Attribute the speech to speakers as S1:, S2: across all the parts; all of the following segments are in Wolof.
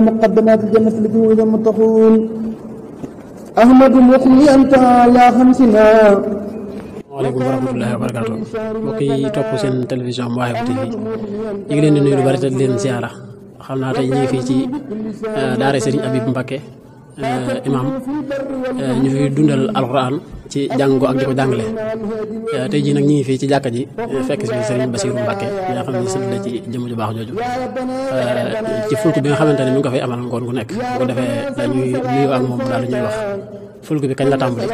S1: مقدمات الجنة التي وعد المتقون أحمد مخليا تعالى خمسنا waaleykum wa rahmatullahi wa barakaatu mbokk yi topp seen télévision Mawahibou TV ñu ngi leen di nuyu lu bari te di leen ziara xam naa tey ñu ngi fii ci euh, daara Serigne Habib Mbacké Eh, imam eh, ñu fi dundal alquran ci jàngo ak diko ko jàngale eh, tey jii nag ñu ngi ci jàkka ji fekk ci serigne basirou Mbàkke nga xam ne sëñ la ci jëm ju baax jooju ci fulku bi nga xamante ne mi ngi ko fay amal ngoon gu nek bu defé dañuy nuyu ak mom daal ñuy wax fulku bi kañ la tàmbali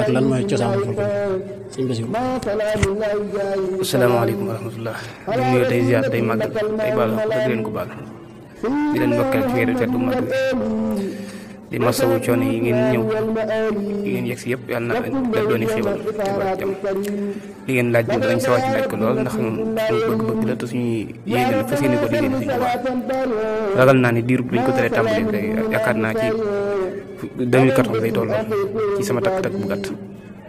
S1: ak lan mooy cosaan fulku serigne basirou assalamu alaykum ya wa rahmatullah ñu nuyu ziar tay mag tay baal ak leen ko baal
S2: di leen bokkal ci weeru tetu mag
S1: di masa ucon ingin nyu ingin yak siap ya yëpp yàlla na def doon xéwal ci jam ingin ngeen laaj moom danañ sawar ci laaj ko ndax ñu bëgg-bëgg la te suñuy yéene fa seen yéene ko liggéey ci waa ragal na ni diru buñ ko téré tambalé tey yaakaar na ci 2014 lay tollu ci sama tak tak bu gatt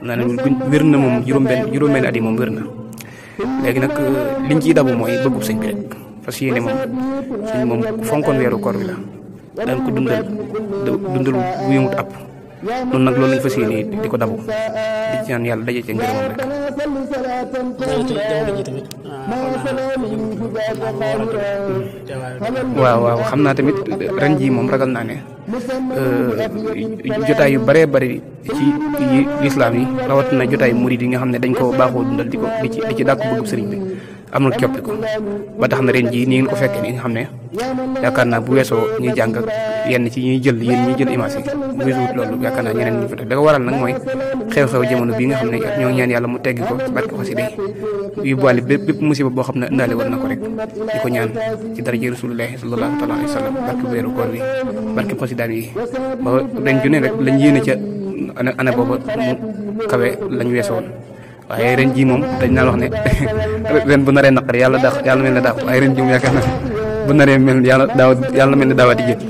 S1: na ne wér na moom juróom-benn juróom-benn at yi moom wér na léegi nag liñ ci dabu moy bëggub sëñ bi rek fa seen mom suñ mom fonkon wëru koor bi la dan ko dundal dundal bu yëmut non nak lolou loolu lañ fas yéene di ko dabu di ci ñaan yàlla daje ca ngërëmam rek waaw waaw xam naa tamit ren jii moom ragal naa ne jotaay yu bare bari ci l'islam yi na jotaay mouride yi nga xam dañ ko baxo dundal diko di ci ci dàkk bëggub bi amul na coppiku ba tax na ren ji ni ngeen ko fekke ni nga xam ne yaakaar naa bu weesoo ñuy jàng yenn ci ñi jël yéen ñi jël image yi bu weesoo lolu yaakaar na ñeneen ñu fa def da ko waral nak moy xew-xew jëmono bi nga xamne ñoo ñaan yalla mu tegg ko ci barke ci be yu bali bepp bépp musiba bo xamne ndale ndaale war na rek diko ñaan ci daraje rasulullah sallallahu taala alayhi barke weru ko wi barke xasida yi ba dañ ju ne rek lañ yene ci ana ana booba kawe lañ weso waaye ren jii moom dañ naan wax ne ren bu naree naqar yàlla daax yàlla mel ne daax waaye ren jii moom yaakaar na bu naree mel yàlla daaw yàlla mel ne daawaati jël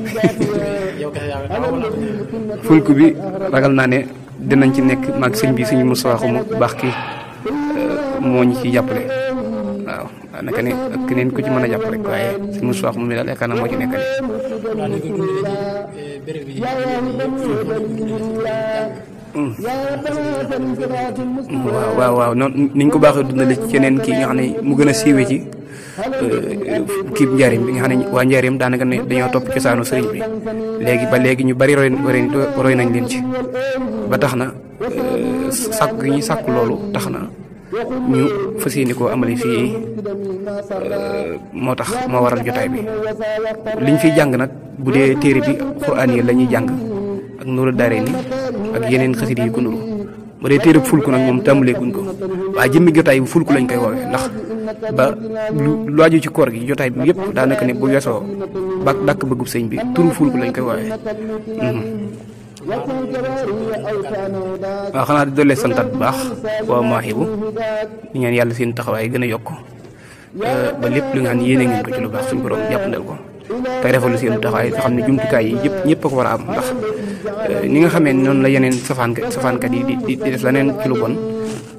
S1: fulku bi ragal naa ne dinañ ci nekk maag sëñ bi suñu Moussa Xuma baax ki moo ñu ciy jàppale waaw naka ne ak ku ci mën a jàpp rek waaye suñu Moussa Xuma daal yaakaar naa moo ci nekkale waaw waaw waaw noonu niñ ko baaxee dundale ci keneen kii nga xam ne mu gën a siiwee ci euh, kii njaarim bi nga xam ne waa njaarim daanaka ne dañoo topp cosaanu sëriñ bi léegi ba léegi ñu bari roy roy nañ leen ci ba tax na euh, sàkk gi ñu sàkk loolu tax na ñu fas yéene koo amale fii euh, moo tax moo waral jotaay bi liñ jàng nag bu dee téere bi yi la ñuy jàng ak ni ak yeneen xasida yi ko nuru ba dee téereb fulku nag moom tàmbalee guñ ko waaye jëmmi jotaay bu fulk lañ koy woowee ndax ba lu lu aju ci koor gi jotaay bi yëpp daanaka ne bu weesoo ba dàkk bëggub sëñ bi turu fulku lañ koy woowee. waaw xanaa di dollee santaat bu baax waa Mawahibou di ñaan yàlla seen taxawaay gën a yokk euh, ba lépp lu nga xam ne yéene ngeen ko ci lu baax suñu borom jàppandal ko xam ne jumtukaay yi yëpp ñëpp ko war am ndax. Euh, ni nga xamee noonu la yeneen safaankat safaankat yi di di def leneen ci lu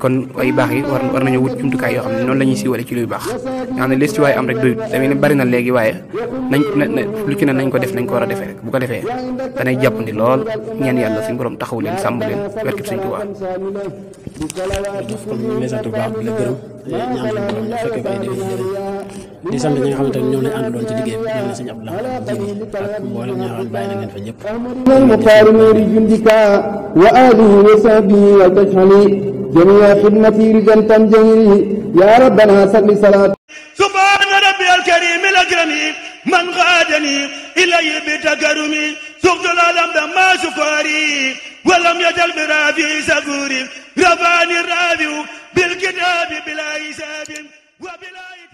S1: kon ay baax yi war war nañoo wut jumtukaay yoo xam ne noonu la ñuy siiwale ci luy baax nga xam ne lees ci waaye am rek doyut na léegi waaye nañ lu ci ne nañ ko def nañ ko war a defee rek bu ko defee danay jàppandi lool ñeen yàlla suñu borom taxaw leen sàmm leen werkib suñ tubaab. jërëjëf kon ñu ngi lay sant di sant ñi nga xamante ne ñoom lañ àndaloon ci liggéey bi ñoom la sëñ Abdoulaye Jigé ak mboolem ñi nga xam ne bàyyi na ngeen fa ñëpp المطارمير جندك وآله وصحبه وتجعل جميع خدمتي رجا تنجلي يا ربنا صل صلاة سبحان ربي الكريم الأكرم من غادني إليه بتكرمي سقت العالم لما شفاري ولم يجل برافي سفوري رفعني الرافع بالكتاب بلا حساب وبلا